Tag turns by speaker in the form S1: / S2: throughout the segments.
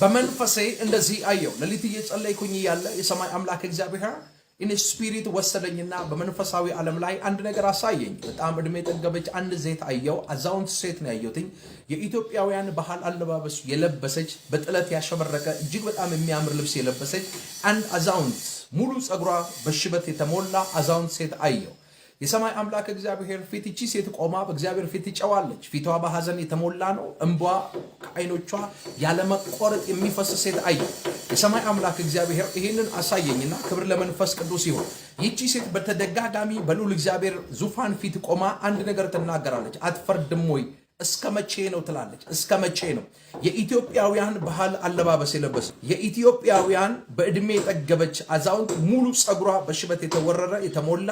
S1: በመንፈሴ እንደዚህ አየው። ሌሊት እየጸለይኩኝ እያለ የሰማይ አምላክ እግዚአብሔር ኢን ስፒሪት ወሰደኝና በመንፈሳዊ ዓለም ላይ አንድ ነገር አሳየኝ። በጣም እድሜ ጠገበች አንድ ዜት አየው። አዛውንት ሴት ነው ያየሁትኝ። የኢትዮጵያውያን ባህል አለባበስ የለበሰች በጥለት ያሸበረቀ እጅግ በጣም የሚያምር ልብስ የለበሰች አንድ አዛውንት ሙሉ ጸጉሯ በሽበት የተሞላ አዛውንት ሴት አየው። የሰማይ አምላክ እግዚአብሔር ፊት ይቺ ሴት ቆማ በእግዚአብሔር ፊት ትጨዋለች። ፊቷ በሐዘን የተሞላ ነው። እንቧ ከአይኖቿ ያለመቆረጥ የሚፈስ ሴት አየ። የሰማይ አምላክ እግዚአብሔር ይህንን አሳየኝና ክብር ለመንፈስ ቅዱስ ይሁን። ይቺ ሴት በተደጋጋሚ በልዑል እግዚአብሔር ዙፋን ፊት ቆማ አንድ ነገር ትናገራለች። አትፈርድም ወይ? እስከ መቼ ነው ትላለች። እስከ መቼ ነው? የኢትዮጵያውያን ባህል አለባበስ የለበሰ የኢትዮጵያውያን በእድሜ የጠገበች አዛውንት ሙሉ ፀጉሯ በሽበት የተወረረ የተሞላ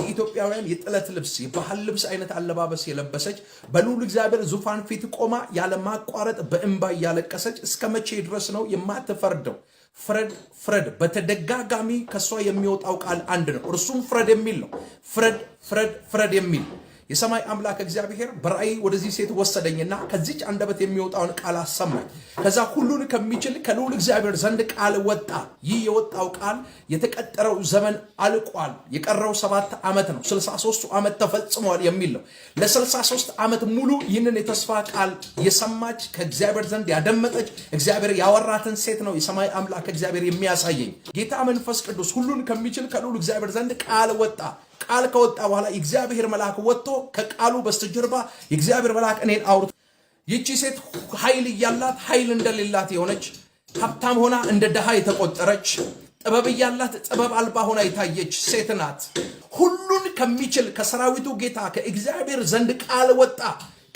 S1: የኢትዮጵያውያን የጥለት ልብስ የባህል ልብስ አይነት አለባበስ የለበሰች በልዑል እግዚአብሔር ዙፋን ፊት ቆማ ያለማቋረጥ በእንባ እያለቀሰች እስከ መቼ ድረስ ነው የማትፈርደው? ፍረድ ፍረድ። በተደጋጋሚ ከእሷ የሚወጣው ቃል አንድ ነው፣ እርሱም ፍረድ የሚል ነው። ፍረድ ፍረድ ፍረድ የሚል የሰማይ አምላክ እግዚአብሔር በራእይ ወደዚህ ሴት ወሰደኝና ከዚች አንደበት የሚወጣውን ቃል አሰማኝ። ከዛ ሁሉን ከሚችል ከልዑል እግዚአብሔር ዘንድ ቃል ወጣ። ይህ የወጣው ቃል የተቀጠረው ዘመን አልቋል፣ የቀረው ሰባት ዓመት ነው፣ 63ቱ ዓመት ተፈጽሟል የሚል ነው። ለ63 ዓመት ሙሉ ይህንን የተስፋ ቃል የሰማች ከእግዚአብሔር ዘንድ ያደመጠች እግዚአብሔር ያወራትን ሴት ነው የሰማይ አምላክ እግዚአብሔር የሚያሳየኝ። ጌታ መንፈስ ቅዱስ ሁሉን ከሚችል ከልዑል እግዚአብሔር ዘንድ ቃል ወጣ ቃል ከወጣ በኋላ የእግዚአብሔር መልአክ ወጥቶ ከቃሉ በስተጀርባ የእግዚአብሔር መልአክ እኔን አውርቶ ይቺ ሴት ኃይል እያላት ኃይል እንደሌላት የሆነች ሀብታም ሆና እንደ ድሃ የተቆጠረች ጥበብ እያላት ጥበብ አልባ ሆና የታየች ሴት ናት። ሁሉን ከሚችል ከሰራዊቱ ጌታ ከእግዚአብሔር ዘንድ ቃል ወጣ፣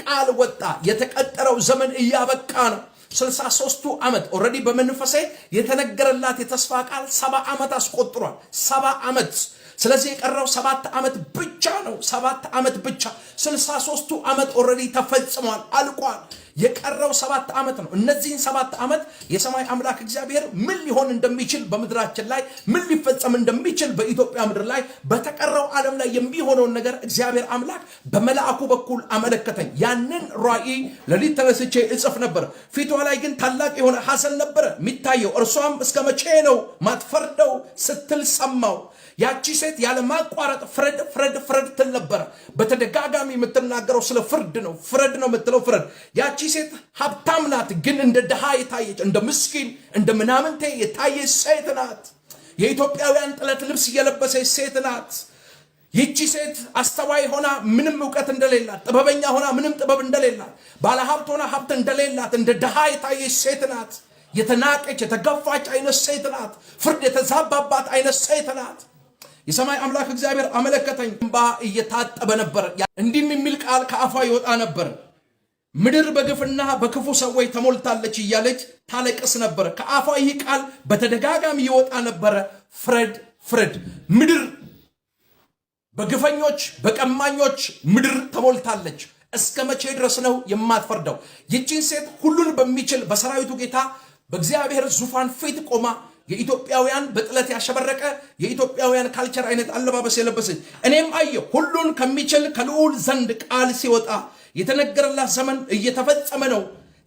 S1: ቃል ወጣ። የተቀጠረው ዘመን እያበቃ ነው። ስልሳ ሦስቱ ዓመት ኦልሬዲ በመንፈሴ የተነገረላት የተስፋ ቃል ሰባ ዓመት አስቆጥሯል። ሰባ ዓመት ስለዚህ የቀረው ሰባት ዓመት ብቻ ነው። ሰባት ዓመት ብቻ። ስልሳ ሶስቱ ዓመት ኦልሬዲ ተፈጽሟል፣ አልቋል። የቀረው ሰባት ዓመት ነው። እነዚህን ሰባት ዓመት የሰማይ አምላክ እግዚአብሔር ምን ሊሆን እንደሚችል በምድራችን ላይ ምን ሊፈጸም እንደሚችል በኢትዮጵያ ምድር ላይ በተቀረው ዓለም ላይ የሚሆነውን ነገር እግዚአብሔር አምላክ በመልአኩ በኩል አመለከተኝ። ያንን ራእይ ለሊት ተነስቼ እጽፍ ነበር። ፊቷ ላይ ግን ታላቅ የሆነ ሐዘን ነበረ የሚታየው። እርሷም እስከ መቼ ነው ማትፈርደው ስትል ሰማው። ያቺ ሴት ያለማቋረጥ ፍረድ ፍረድ ፍረድ ትል ነበረ። በተደጋጋሚ የምትናገረው ስለ ፍርድ ነው። ፍረድ ነው የምትለው ፍረድ። ያቺ ሴት ሀብታም ናት፣ ግን እንደ ድሃ የታየች እንደ ምስኪን እንደ ምናምንቴ የታየች ሴት ናት። የኢትዮጵያውያን ጥለት ልብስ እየለበሰች ሴት ናት። ይቺ ሴት አስተዋይ ሆና ምንም እውቀት እንደሌላት፣ ጥበበኛ ሆና ምንም ጥበብ እንደሌላት፣ ባለሀብት ሆና ሀብት እንደሌላት እንደ ድሃ የታየች ሴት ናት። የተናቀች የተገፋች አይነት ሴት ናት። ፍርድ የተዛባባት አይነት ሴት ናት። የሰማይ አምላክ እግዚአብሔር አመለከተኝ። እንባ እየታጠበ ነበር። እንዲህም የሚል ቃል ከአፏ ይወጣ ነበር። ምድር በግፍና በክፉ ሰዎች ተሞልታለች እያለች ታለቅስ ነበር። ከአፏ ይህ ቃል በተደጋጋሚ ይወጣ ነበረ። ፍረድ ፍረድ። ምድር በግፈኞች በቀማኞች ምድር ተሞልታለች። እስከ መቼ ድረስ ነው የማትፈርደው? ይቺን ሴት ሁሉን በሚችል በሰራዊቱ ጌታ በእግዚአብሔር ዙፋን ፊት ቆማ የኢትዮጵያውያን በጥለት ያሸበረቀ የኢትዮጵያውያን ካልቸር አይነት አለባበስ የለበሰች እኔም አየሁ። ሁሉን ከሚችል ከልዑል ዘንድ ቃል ሲወጣ የተነገረላት ዘመን እየተፈጸመ ነው፣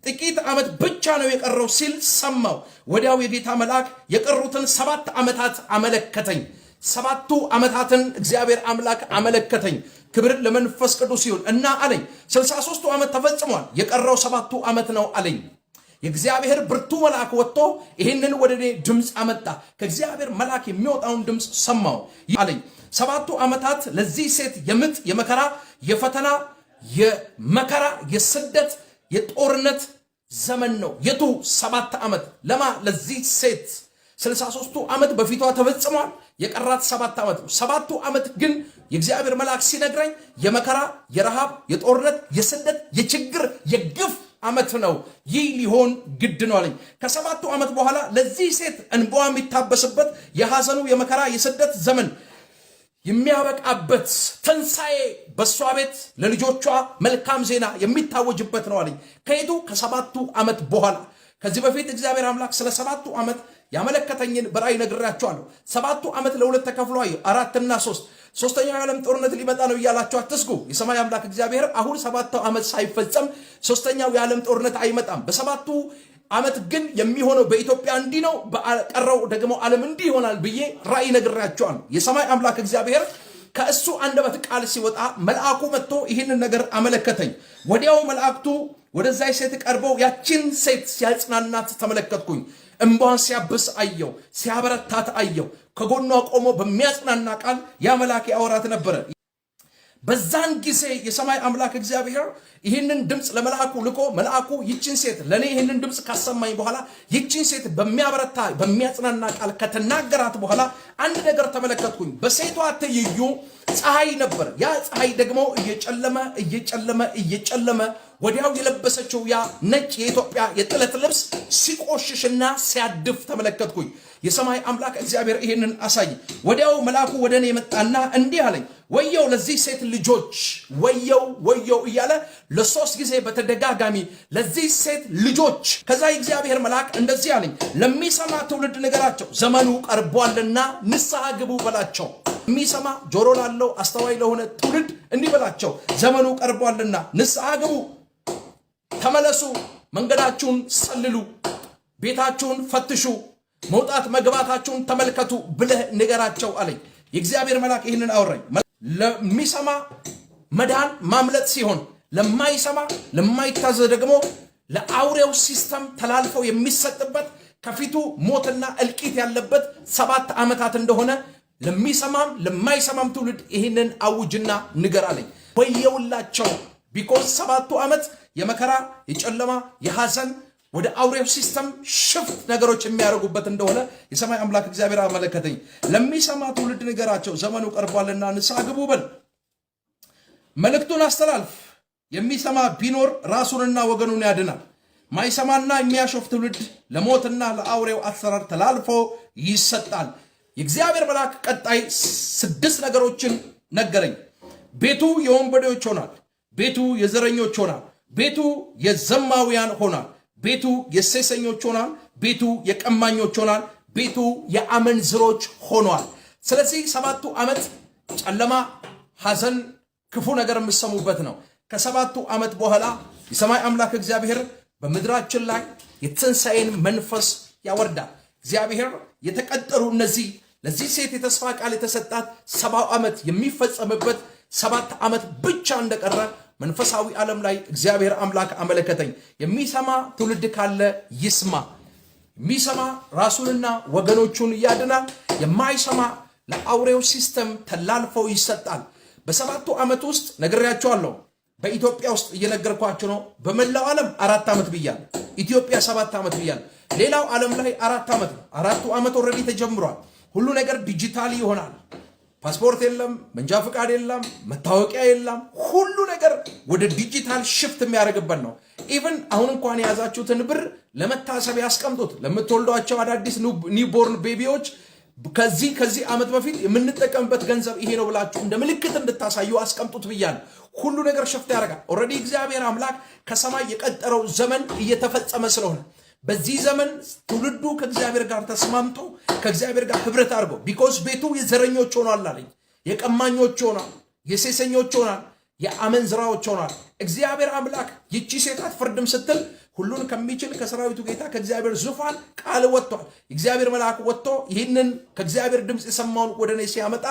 S1: ጥቂት ዓመት ብቻ ነው የቀረው ሲል ሰማው። ወዲያው የጌታ መልአክ የቀሩትን ሰባት ዓመታት አመለከተኝ። ሰባቱ ዓመታትን እግዚአብሔር አምላክ አመለከተኝ። ክብር ለመንፈስ ቅዱስ ይሁን እና አለኝ፣ ስልሳ ሦስቱ ዓመት ተፈጽሟል፣ የቀረው ሰባቱ ዓመት ነው አለኝ። የእግዚአብሔር ብርቱ መልአክ ወጥቶ ይህንን ወደ እኔ ድምፅ አመጣ። ከእግዚአብሔር መልአክ የሚወጣውን ድምፅ ሰማው አለኝ። ሰባቱ ዓመታት ለዚህ ሴት የምጥ የመከራ የፈተና የመከራ የስደት የጦርነት ዘመን ነው። የቱ ሰባት ዓመት ለማ ለዚህ ሴት ስልሳ ሦስቱ ዓመት በፊቷ ተፈጽሟል። የቀራት ሰባት ዓመት ነው። ሰባቱ ዓመት ግን የእግዚአብሔር መልአክ ሲነግረኝ የመከራ የረሃብ የጦርነት የስደት የችግር የግፍ ዓመት ነው። ይህ ሊሆን ግድ ነው አለኝ። ከሰባቱ ዓመት በኋላ ለዚህ ሴት እንባዋ የሚታበስበት የሐዘኑ የመከራ የስደት ዘመን የሚያበቃበት ትንሣኤ በእሷ ቤት ለልጆቿ መልካም ዜና የሚታወጅበት ነው አለኝ። ከሄዱ ከሰባቱ ዓመት በኋላ ከዚህ በፊት እግዚአብሔር አምላክ ስለ ሰባቱ ዓመት ያመለከተኝን በራእይ ነግራቸዋለሁ። ሰባቱ ዓመት ለሁለት ተከፍሎ አየሁ፣ አራትና ሶስት ሶስተኛው የዓለም ጦርነት ሊመጣ ነው እያላችሁ አትስጉ። የሰማይ አምላክ እግዚአብሔር አሁን ሰባታው ዓመት ሳይፈጸም ሶስተኛው የዓለም ጦርነት አይመጣም። በሰባቱ ዓመት ግን የሚሆነው በኢትዮጵያ እንዲህ ነው፣ በቀረው ደግሞ ዓለም እንዲህ ይሆናል ብዬ ራእይ ነግሬያቸዋል። የሰማይ አምላክ እግዚአብሔር ከእሱ አንደበት ቃል ሲወጣ መልአኩ መጥቶ ይህንን ነገር አመለከተኝ። ወዲያው መልአክቱ ወደዛ ሴት ቀርበው ያችን ሴት ሲያጽናናት ተመለከትኩኝ። እምቧን ሲያብስ አየው፣ ሲያበረታት አየው። ከጎኗ ቆሞ በሚያጽናና ቃል ያ አወራት ያወራት ነበረ። በዛን ጊዜ የሰማይ አምላክ እግዚአብሔር ይህንን ድምፅ ለመልአኩ ልኮ መልአኩ ይችን ሴት ለእኔ ይህንን ድምፅ ካሰማኝ በኋላ ይችን ሴት በሚያበረታ በሚያጽናና ቃል ከተናገራት በኋላ አንድ ነገር ተመለከትኩኝ። በሴቷ ትይዩ ፀሐይ ነበር። ያ ፀሐይ ደግሞ እየጨለመ እየጨለመ እየጨለመ ወዲያው የለበሰችው ያ ነጭ የኢትዮጵያ የጥለት ልብስ ሲቆሽሽና ሲያድፍ ተመለከትኩኝ። የሰማይ አምላክ እግዚአብሔር ይህንን አሳይ። ወዲያው መልአኩ ወደ እኔ መጣና እንዲህ አለኝ፣ ወየው ለዚህ ሴት ልጆች ወየው ወየው እያለ ለሶስት ጊዜ በተደጋጋሚ ለዚህ ሴት ልጆች። ከዛ የእግዚአብሔር መልአክ እንደዚህ አለኝ፣ ለሚሰማ ትውልድ ንገራቸው፣ ዘመኑ ቀርቧልና ንስሐ ግቡ በላቸው። የሚሰማ ጆሮ ላለው አስተዋይ ለሆነ ትውልድ እንዲህ በላቸው፣ ዘመኑ ቀርቧልና ንስሐ ግቡ ተመለሱ፣ መንገዳችሁን ሰልሉ፣ ቤታችሁን ፈትሹ፣ መውጣት መግባታችሁን ተመልከቱ ብለህ ንገራቸው አለኝ። የእግዚአብሔር መልአክ ይህንን አወራኝ። ለሚሰማ መዳን ማምለጥ ሲሆን ለማይሰማ ለማይታዘ ደግሞ ለአውሬው ሲስተም ተላልፈው የሚሰጥበት ከፊቱ ሞትና እልቂት ያለበት ሰባት ዓመታት እንደሆነ ለሚሰማም ለማይሰማም ትውልድ ይህንን አውጅና ንገር አለኝ። ወየውላቸው ቢኮዝ ሰባቱ ዓመት የመከራ የጨለማ የሐዘን ወደ አውሬው ሲስተም ሽፍት ነገሮች የሚያደርጉበት እንደሆነ የሰማይ አምላክ እግዚአብሔር አመለከተኝ። ለሚሰማ ትውልድ ንገራቸው፣ ዘመኑ ቀርቧልና ንስሐ ግቡ በል። መልእክቱን አስተላልፍ። የሚሰማ ቢኖር ራሱንና ወገኑን ያድናል። ማይሰማና የሚያሾፍ ትውልድ ለሞትና ለአውሬው አሰራር ተላልፎ ይሰጣል። የእግዚአብሔር መልአክ ቀጣይ ስድስት ነገሮችን ነገረኝ። ቤቱ የወንበዴዎች ሆናል። ቤቱ የዘረኞች ሆናል። ቤቱ የዘማውያን ሆናል። ቤቱ የሴሰኞች ሆናል። ቤቱ የቀማኞች ሆናል። ቤቱ የአመንዝሮች ሆኗል። ስለዚህ ሰባቱ ዓመት ጨለማ፣ ሐዘን፣ ክፉ ነገር የምሰሙበት ነው። ከሰባቱ ዓመት በኋላ የሰማይ አምላክ እግዚአብሔር በምድራችን ላይ የትንሣኤን መንፈስ ያወርዳል። እግዚአብሔር የተቀጠሩ እነዚህ ለዚህ ሴት የተስፋ ቃል የተሰጣት ሰባው ዓመት የሚፈጸምበት ሰባት ዓመት ብቻ እንደቀረ መንፈሳዊ ዓለም ላይ እግዚአብሔር አምላክ አመለከተኝ። የሚሰማ ትውልድ ካለ ይስማ። የሚሰማ ራሱንና ወገኖቹን ያድናል። የማይሰማ ለአውሬው ሲስተም ተላልፈው ይሰጣል። በሰባቱ ዓመት ውስጥ ነግሬያቸዋለሁ። በኢትዮጵያ ውስጥ እየነገርኳቸው ነው። በመላው ዓለም አራት ዓመት ብያለሁ። ኢትዮጵያ ሰባት ዓመት ብያለሁ። ሌላው ዓለም ላይ አራት ዓመት ነው። አራቱ ዓመት ኦልሬዲ ተጀምሯል። ሁሉ ነገር ዲጂታል ይሆናል። ፓስፖርት የለም፣ መንጃ ፍቃድ የለም፣ መታወቂያ የለም። ሁሉ ነገር ወደ ዲጂታል ሽፍት የሚያደርግበት ነው። ኢቨን አሁን እንኳን የያዛችሁትን ብር ለመታሰብ ያስቀምጡት። ለምትወልዷቸው አዳዲስ ኒውቦርን ቤቢዎች ከዚህ ከዚህ ዓመት በፊት የምንጠቀምበት ገንዘብ ይሄ ነው ብላችሁ እንደ ምልክት እንድታሳዩ አስቀምጡት ብያለሁ። ሁሉ ነገር ሽፍት ያደርጋል። ኦልሬዲ እግዚአብሔር አምላክ ከሰማይ የቀጠረው ዘመን እየተፈጸመ ስለሆነ በዚህ ዘመን ትውልዱ ከእግዚአብሔር ጋር ተስማምቶ ከእግዚአብሔር ጋር ህብረት አድርጎ ቢኮዝ ቤቱ የዘረኞች ሆኗል አለኝ። የቀማኞች ሆኗል፣ የሴሰኞች ሆኗል፣ የአመንዝራዎች ሆኗል። እግዚአብሔር አምላክ ይቺ ሴት አትፈርድም ስትል ሁሉን ከሚችል ከሰራዊቱ ጌታ ከእግዚአብሔር ዙፋን ቃል ወጥቷል። እግዚአብሔር መልአክ ወጥቶ ይህንን ከእግዚአብሔር ድምፅ የሰማውን ወደ እኔ ሲያመጣ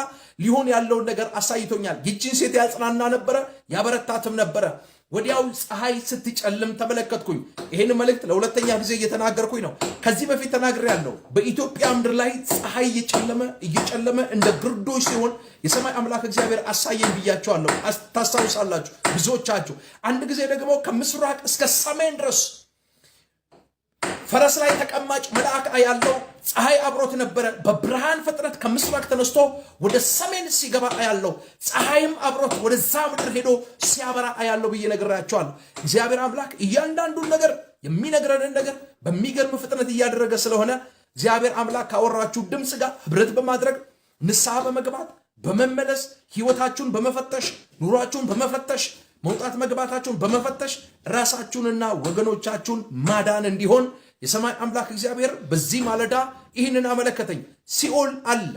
S1: ሊሆን ያለውን ነገር አሳይቶኛል። ይቺን ሴት ያጽናና ነበረ፣ ያበረታትም ነበረ። ወዲያው ፀሐይ ስትጨልም ተመለከትኩኝ። ይህን መልእክት ለሁለተኛ ጊዜ እየተናገርኩኝ ነው። ከዚህ በፊት ተናግሬ ያለው በኢትዮጵያ ምድር ላይ ፀሐይ እየጨለመ እየጨለመ እንደ ግርዶች ሲሆን የሰማይ አምላክ እግዚአብሔር አሳየኝ ብያቸዋለሁ። ታስታውሳላችሁ ብዙዎቻችሁ። አንድ ጊዜ ደግሞ ከምስራቅ እስከ ሰሜን ድረስ ፈረስ ላይ ተቀማጭ መልአክ ያለው ፀሐይ አብሮት ነበረ። በብርሃን ፍጥነት ከምስራቅ ተነስቶ ወደ ሰሜን ሲገባ አያለው። ፀሐይም አብሮት ወደዛ ምድር ሄዶ ሲያበራ አያለው ብዬ ነግራቸዋለሁ። እግዚአብሔር አምላክ እያንዳንዱን ነገር የሚነግረንን ነገር በሚገርም ፍጥነት እያደረገ ስለሆነ እግዚአብሔር አምላክ ካወራችሁ ድምፅ ጋር ህብረት በማድረግ ንስሐ በመግባት በመመለስ ህይወታችሁን በመፈተሽ ኑሯችሁን በመፈተሽ መውጣት መግባታችሁን በመፈተሽ ራሳችሁንና ወገኖቻችሁን ማዳን እንዲሆን የሰማይ አምላክ እግዚአብሔር በዚህ ማለዳ ይህንን አመለከተኝ። ሲኦል አለ፣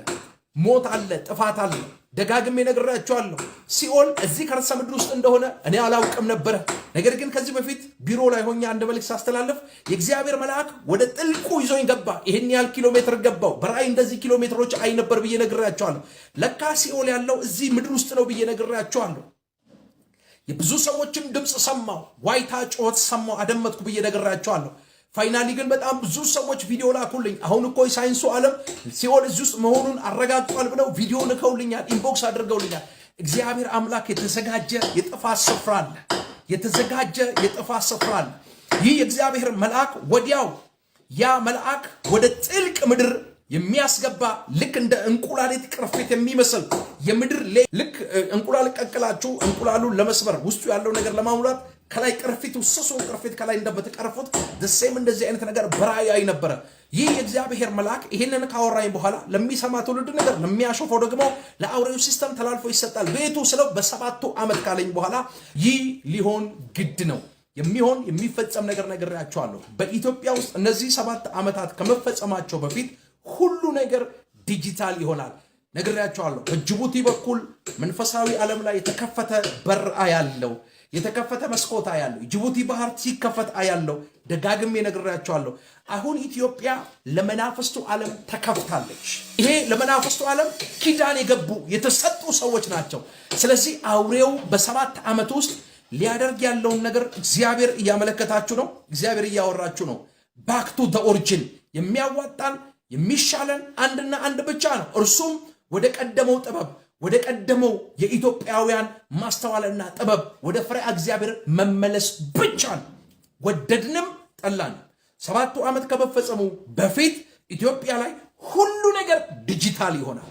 S1: ሞት አለ፣ ጥፋት አለ። ደጋግሜ ነግራችኋለሁ። ሲኦል እዚህ ከርሰ ምድር ውስጥ እንደሆነ እኔ አላውቅም ነበረ። ነገር ግን ከዚህ በፊት ቢሮ ላይ ሆኜ አንድ መልእክት ሳስተላለፍ የእግዚአብሔር መልአክ ወደ ጥልቁ ይዞኝ ገባ። ይህን ያህል ኪሎ ሜትር ገባው። በራይ እንደዚህ ኪሎ ሜትሮች አይ ነበር ብዬ ነግራችኋለሁ። ለካ ሲኦል ያለው እዚህ ምድር ውስጥ ነው ብዬ ነግራችኋለሁ። የብዙ ሰዎችን ድምፅ ሰማው፣ ዋይታ ጩኸት ሰማው፣ አደመጥኩ ብዬ ነግራችኋለሁ። ፋይናሊ ግን በጣም ብዙ ሰዎች ቪዲዮ ላኩልኝ። አሁን እኮ የሳይንሱ ዓለም ሲኦል እዚህ ውስጥ መሆኑን አረጋግጧል ብለው ቪዲዮ ልከውልኛል፣ ኢንቦክስ አድርገውልኛል። እግዚአብሔር አምላክ የተዘጋጀ የጥፋት ስፍራ አለ፣ የተዘጋጀ የጥፋት ስፍራ አለ። ይህ የእግዚአብሔር መልአክ ወዲያው ያ መልአክ ወደ ጥልቅ ምድር የሚያስገባ ልክ እንደ እንቁላሊት ቅርፊት የሚመስል የምድር ልክ እንቁላል ቀቅላችሁ እንቁላሉን ለመስበር ውስጡ ያለው ነገር ለማሙላት ከላይ ቅርፊት ውስሱን ቅርፊት ከላይ እንደምትቀርፉት ደሴም እንደዚህ አይነት ነገር በራእይ ነበረ። ይህ የእግዚአብሔር መልአክ ይህንን ካወራኝ በኋላ ለሚሰማ ትውልድ ነገር፣ ለሚያሾፈው ደግሞ ለአውሬው ሲስተም ተላልፎ ይሰጣል ቤቱ ስለው በሰባቱ ዓመት ካለኝ በኋላ ይህ ሊሆን ግድ ነው የሚሆን የሚፈጸም ነገር ነግሬያቸዋለሁ። በኢትዮጵያ ውስጥ እነዚህ ሰባት ዓመታት ከመፈጸማቸው በፊት ሁሉ ነገር ዲጂታል ይሆናል ነግሬያቸዋለሁ። በጅቡቲ በኩል መንፈሳዊ ዓለም ላይ የተከፈተ በር ያለው የተከፈተ መስኮት አያለሁ። ጅቡቲ ባህር ሲከፈት አያለሁ። ደጋግሜ ነግሬያቸዋለሁ። አሁን ኢትዮጵያ ለመናፍስቱ ዓለም ተከፍታለች። ይሄ ለመናፍስቱ ዓለም ኪዳን የገቡ የተሰጡ ሰዎች ናቸው። ስለዚህ አውሬው በሰባት ዓመት ውስጥ ሊያደርግ ያለውን ነገር እግዚአብሔር እያመለከታችሁ ነው። እግዚአብሔር እያወራችሁ ነው። ባክቱ ኦሪጅን የሚያዋጣን የሚሻለን አንድና አንድ ብቻ ነው። እርሱም ወደ ቀደመው ጥበብ ወደ ቀደመው የኢትዮጵያውያን ማስተዋልና ጥበብ ወደ ፍሬ እግዚአብሔር መመለስ ብቻ ነው። ወደድንም ጠላን ሰባቱ ዓመት ከመፈጸሙ በፊት ኢትዮጵያ ላይ ሁሉ ነገር ዲጂታል ይሆናል።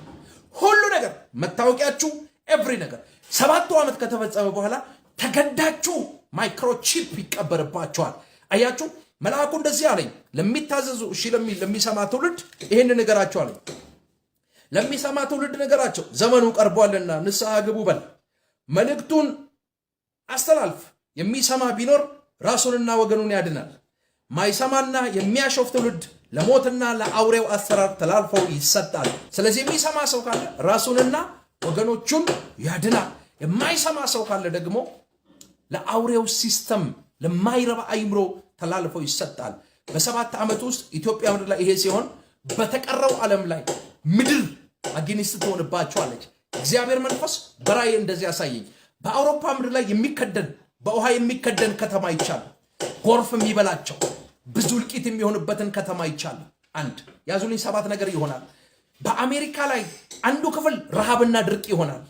S1: ሁሉ ነገር መታወቂያችሁ፣ ኤቭሪ ነገር ሰባቱ ዓመት ከተፈጸመ በኋላ ተገዳችሁ ማይክሮቺፕ ይቀበርባቸዋል። አያችሁ መልአኩ እንደዚህ አለኝ፣ ለሚታዘዙ እሺ ለሚሰማ ትውልድ ይህን ንገራቸው አለኝ። ለሚሰማ ትውልድ ነገራቸው፣ ዘመኑ ቀርቧልና ንስሐ ግቡ በል። መልእክቱን አስተላልፍ። የሚሰማ ቢኖር ራሱንና ወገኑን ያድናል። ማይሰማና የሚያሾፍ ትውልድ ለሞትና ለአውሬው አሰራር ተላልፈው ይሰጣል። ስለዚህ የሚሰማ ሰው ካለ ራሱንና ወገኖቹን ያድናል። የማይሰማ ሰው ካለ ደግሞ ለአውሬው ሲስተም፣ ለማይረባ አይምሮ ተላልፈው ይሰጣል። በሰባት ዓመት ውስጥ ኢትዮጵያ ምድር ላይ ይሄ ሲሆን በተቀረው ዓለም ላይ ምድር አጌኒስት ትሆንባቸዋለች። እግዚአብሔር መንፈስ በራእይ እንደዚህ ያሳየኝ። በአውሮፓ ምድር ላይ የሚከደን በውሃ የሚከደን ከተማ ይቻሉ፣ ጎርፍ የሚበላቸው ብዙ እልቂት የሚሆንበትን ከተማ ይቻሉ። አንድ ያዙልኝ፣ ሰባት ነገር ይሆናል። በአሜሪካ ላይ አንዱ ክፍል ረሃብና ድርቅ ይሆናል።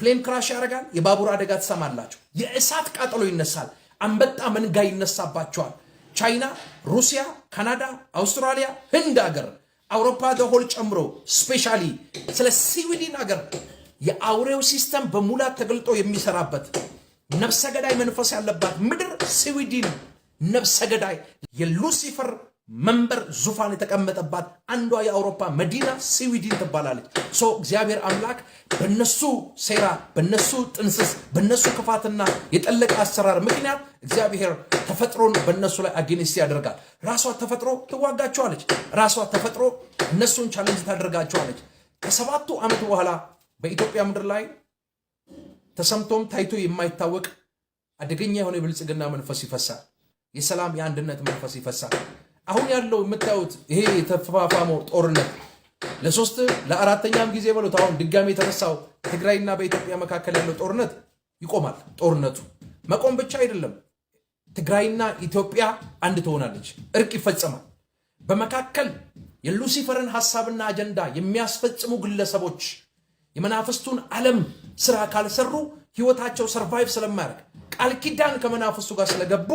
S1: ፕሌን ክራሽ ያደርጋል። የባቡር አደጋ ትሰማላቸው የእሳት ቃጠሎ ይነሳል። አንበጣ መንጋ ይነሳባቸዋል። ቻይና፣ ሩሲያ፣ ካናዳ፣ አውስትራሊያ፣ ህንድ ሀገር አውሮፓ ደሆል ጨምሮ ስፔሻሊ ስለ ስዊድን ሀገር የአውሬው ሲስተም በሙላት ተገልጦ የሚሰራበት ነፍሰ ገዳይ መንፈስ ያለባት ምድር ስዊድን ነፍሰ ገዳይ የሉሲፈር መንበር ዙፋን የተቀመጠባት አንዷ የአውሮፓ መዲና ስዊድን ትባላለች። ሶ እግዚአብሔር አምላክ በነሱ ሴራ፣ በነሱ ጥንስስ፣ በነሱ ክፋትና የጠለቀ አሰራር ምክንያት እግዚአብሔር ተፈጥሮን በነሱ ላይ አጌንስት ያደርጋል። ራሷ ተፈጥሮ ትዋጋቸዋለች። ራሷ ተፈጥሮ እነሱን ቻለንጅ ታደርጋቸዋለች። ከሰባቱ ዓመት በኋላ በኢትዮጵያ ምድር ላይ ተሰምቶም ታይቶ የማይታወቅ አደገኛ የሆነ የብልጽግና መንፈስ ይፈሳል። የሰላም የአንድነት መንፈስ ይፈሳል። አሁን ያለው የምታዩት ይሄ የተፋፋመው ጦርነት ለሶስት ለአራተኛም ጊዜ በሉት አሁን ድጋሚ የተነሳው ትግራይና በኢትዮጵያ መካከል ያለው ጦርነት ይቆማል። ጦርነቱ መቆም ብቻ አይደለም፣ ትግራይና ኢትዮጵያ አንድ ትሆናለች። እርቅ ይፈጸማል። በመካከል የሉሲፈርን ሀሳብና አጀንዳ የሚያስፈጽሙ ግለሰቦች የመናፍስቱን ዓለም ስራ ካልሰሩ ህይወታቸው ሰርቫይቭ ስለማያደርግ ቃል ኪዳን ከመናፍስቱ ጋር ስለገቡ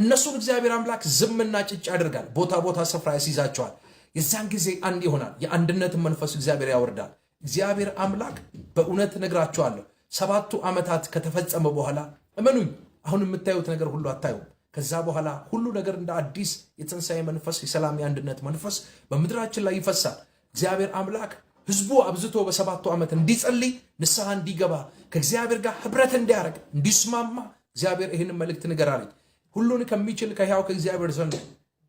S1: እነሱን እግዚአብሔር አምላክ ዝምና ጭጭ ያደርጋል። ቦታ ቦታ ስፍራ ያስይዛቸዋል። የዚያን ጊዜ አንድ ይሆናል። የአንድነትን መንፈስ እግዚአብሔር ያወርዳል። እግዚአብሔር አምላክ በእውነት ነግራቸዋለሁ። ሰባቱ ዓመታት ከተፈጸመ በኋላ እመኑኝ፣ አሁን የምታዩት ነገር ሁሉ አታዩም። ከዛ በኋላ ሁሉ ነገር እንደ አዲስ የትንሣኤ መንፈስ፣ የሰላም የአንድነት መንፈስ በምድራችን ላይ ይፈሳል። እግዚአብሔር አምላክ ህዝቡ አብዝቶ በሰባቱ ዓመት እንዲጸልይ፣ ንስሐ እንዲገባ፣ ከእግዚአብሔር ጋር ኅብረት እንዲያደርግ፣ እንዲስማማ እግዚአብሔር ይህን መልእክት ንገራለኝ። ሁሉን ከሚችል ከሕያው ከእግዚአብሔር ዘንድ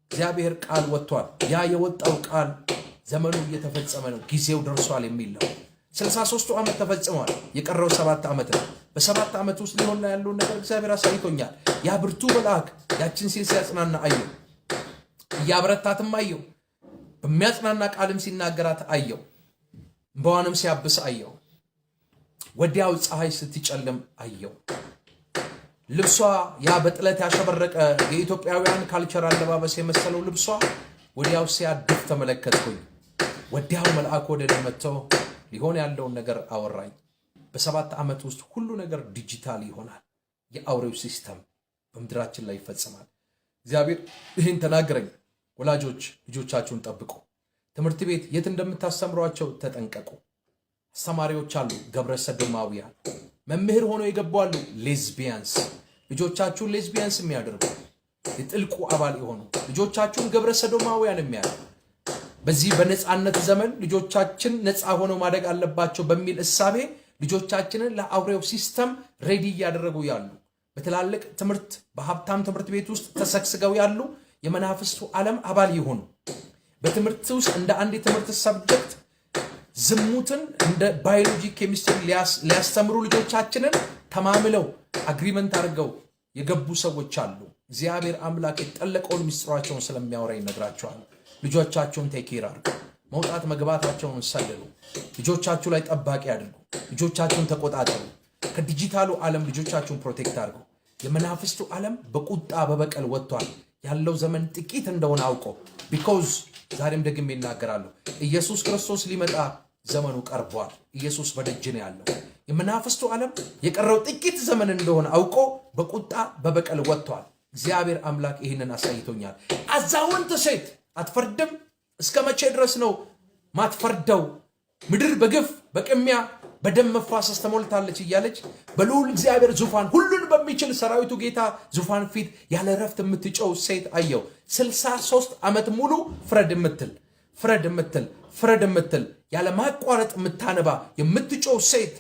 S1: እግዚአብሔር ቃል ወጥቷል። ያ የወጣው ቃል ዘመኑ እየተፈጸመ ነው፣ ጊዜው ደርሷል የሚል ነው። ስልሳ ሦስቱ ዓመት ተፈጽሟል። የቀረው ሰባት ዓመት ነው። በሰባት ዓመት ውስጥ ሊሆን ያለውን ነገር እግዚአብሔር አሳይቶኛል። ያ ብርቱ መልአክ ያችን ሴት ሲያጽናና አየው፣ እያብረታትም አየው፣ በሚያጽናና ቃልም ሲናገራት አየው፣ እንባዋንም ሲያብስ አየው። ወዲያው ፀሐይ ስትጨልም አየው። ልብሷ ያ በጥለት ያሸበረቀ የኢትዮጵያውያን ካልቸር አለባበስ የመሰለው ልብሷ ወዲያው ሲያድፍ ተመለከትኩኝ። ወዲያው መልአክ ወደ እኔ መጥቶ ሊሆን ያለውን ነገር አወራኝ። በሰባት ዓመት ውስጥ ሁሉ ነገር ዲጂታል ይሆናል። የአውሬው ሲስተም በምድራችን ላይ ይፈጽማል። እግዚአብሔር ይህን ተናገረኝ። ወላጆች ልጆቻችሁን ጠብቁ። ትምህርት ቤት የት እንደምታስተምሯቸው ተጠንቀቁ። አስተማሪዎች አሉ፣ ገብረ ሰዶማውያን መምህር ሆኖ የገቡ አሉ፣ ሌዝቢያንስ ልጆቻችሁን ሌዝቢያንስ የሚያደርጉ የጥልቁ አባል የሆኑ ልጆቻችሁን ገብረ ሰዶማውያን የሚያደርጉ በዚህ በነፃነት ዘመን ልጆቻችን ነፃ ሆነው ማደግ አለባቸው በሚል እሳቤ ልጆቻችንን ለአውሬው ሲስተም ሬዲ እያደረጉ ያሉ በትላልቅ ትምህርት በሀብታም ትምህርት ቤት ውስጥ ተሰግስገው ያሉ የመናፍስቱ ዓለም አባል የሆኑ በትምህርት ውስጥ እንደ አንድ የትምህርት ሰብጀክት ዝሙትን እንደ ባዮሎጂ ኬሚስትሪ ሊያስተምሩ ልጆቻችንን ተማምለው አግሪመንት አድርገው የገቡ ሰዎች አሉ። እግዚአብሔር አምላክ የጠለቀውን ምስጢራቸውን ስለሚያወራ ይነግራቸዋል። ልጆቻቸውን ቴኬር አድርጉ። መውጣት መግባታቸውን ሰልሉ። ልጆቻችሁ ላይ ጠባቂ አድርጉ። ልጆቻችሁን ተቆጣጠሩ። ከዲጂታሉ ዓለም ልጆቻችሁን ፕሮቴክት አድርጉ። የመናፍስቱ ዓለም በቁጣ በበቀል ወጥቷል። ያለው ዘመን ጥቂት እንደሆነ አውቆ ቢኮዝ ዛሬም ደግሜ ይናገራሉ። ኢየሱስ ክርስቶስ ሊመጣ ዘመኑ ቀርቧል። ኢየሱስ በደጅ ነው ያለው። የመናፍስቱ ዓለም የቀረው ጥቂት ዘመን እንደሆነ አውቆ በቁጣ በበቀል ወጥተዋል። እግዚአብሔር አምላክ ይህንን አሳይቶኛል። አዛውንት ሴት አትፈርድም። እስከ መቼ ድረስ ነው ማትፈርደው? ምድር በግፍ በቅሚያ በደም መፋሰስ ተሞልታለች እያለች በልዑል እግዚአብሔር ዙፋን ሁሉን በሚችል ሰራዊቱ ጌታ ዙፋን ፊት ያለ እረፍት የምትጨው ሴት አየው። ስልሳ ሦስት ዓመት ሙሉ ፍረድ የምትል ፍረድ የምትል ፍረድ የምትል ያለ ማቋረጥ የምታነባ የምትጮው ሴት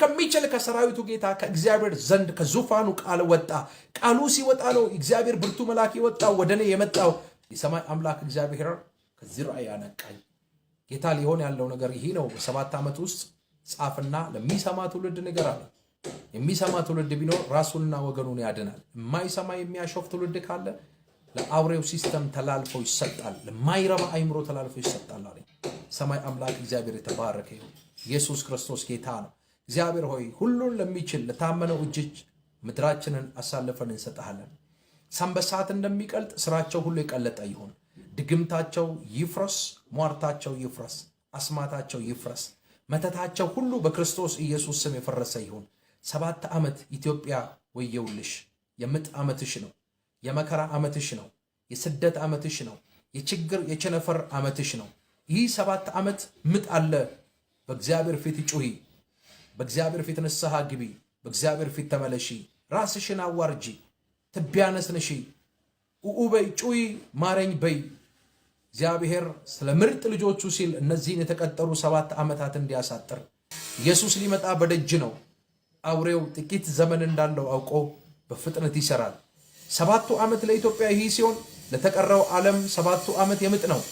S1: ከሚችል ከሰራዊቱ ጌታ ከእግዚአብሔር ዘንድ ከዙፋኑ ቃል ወጣ። ቃሉ ሲወጣ ነው እግዚአብሔር ብርቱ መልአክ ወጣ ወደ እኔ የመጣው። የሰማይ አምላክ እግዚአብሔር ከዚህ ራእይ ያነቃኝ ጌታ ሊሆን ያለው ነገር ይህ ነው። በሰባት ዓመት ውስጥ ጻፍና ለሚሰማ ትውልድ ንገር አለ። የሚሰማ ትውልድ ቢኖር ራሱንና ወገኑን ያድናል። የማይሰማ የሚያሾፍ ትውልድ ካለ ለአውሬው ሲስተም ተላልፎ ይሰጣል። ለማይረባ አይምሮ ተላልፎ ይሰጣል ሰማይ አምላክ እግዚአብሔር የተባረከ ይሁን። ኢየሱስ ክርስቶስ ጌታ ነው። እግዚአብሔር ሆይ ሁሉን ለሚችል ለታመነው እጅች ምድራችንን አሳልፈን እንሰጥሃለን። ሰንበሳት እንደሚቀልጥ ስራቸው ሁሉ የቀለጠ ይሁን። ድግምታቸው ይፍረስ፣ ሟርታቸው ይፍረስ፣ አስማታቸው ይፍረስ፣ መተታቸው ሁሉ በክርስቶስ ኢየሱስ ስም የፈረሰ ይሁን። ሰባት ዓመት ኢትዮጵያ ወየውልሽ። የምጥ ዓመትሽ ነው። የመከራ ዓመትሽ ነው። የስደት ዓመትሽ ነው። የችግር የቸነፈር ዓመትሽ ነው። ይህ ሰባት ዓመት ምጥ አለ። በእግዚአብሔር ፊት ጩሂ። በእግዚአብሔር ፊት ንስሐ ግቢ፣ በእግዚአብሔር ፊት ተመለሺ፣ ራስሽን አዋርጂ፣ ትቢያነስንሺ፣ ኡኡ በይ፣ ጩይ፣ ማረኝ በይ። እግዚአብሔር ስለ ምርጥ ልጆቹ ሲል እነዚህን የተቀጠሩ ሰባት ዓመታት እንዲያሳጥር ኢየሱስ ሊመጣ በደጅ ነው። አውሬው ጥቂት ዘመን እንዳለው አውቆ በፍጥነት ይሰራል። ሰባቱ ዓመት ለኢትዮጵያ ይህ ሲሆን ለተቀረው ዓለም ሰባቱ ዓመት የምጥ ነው።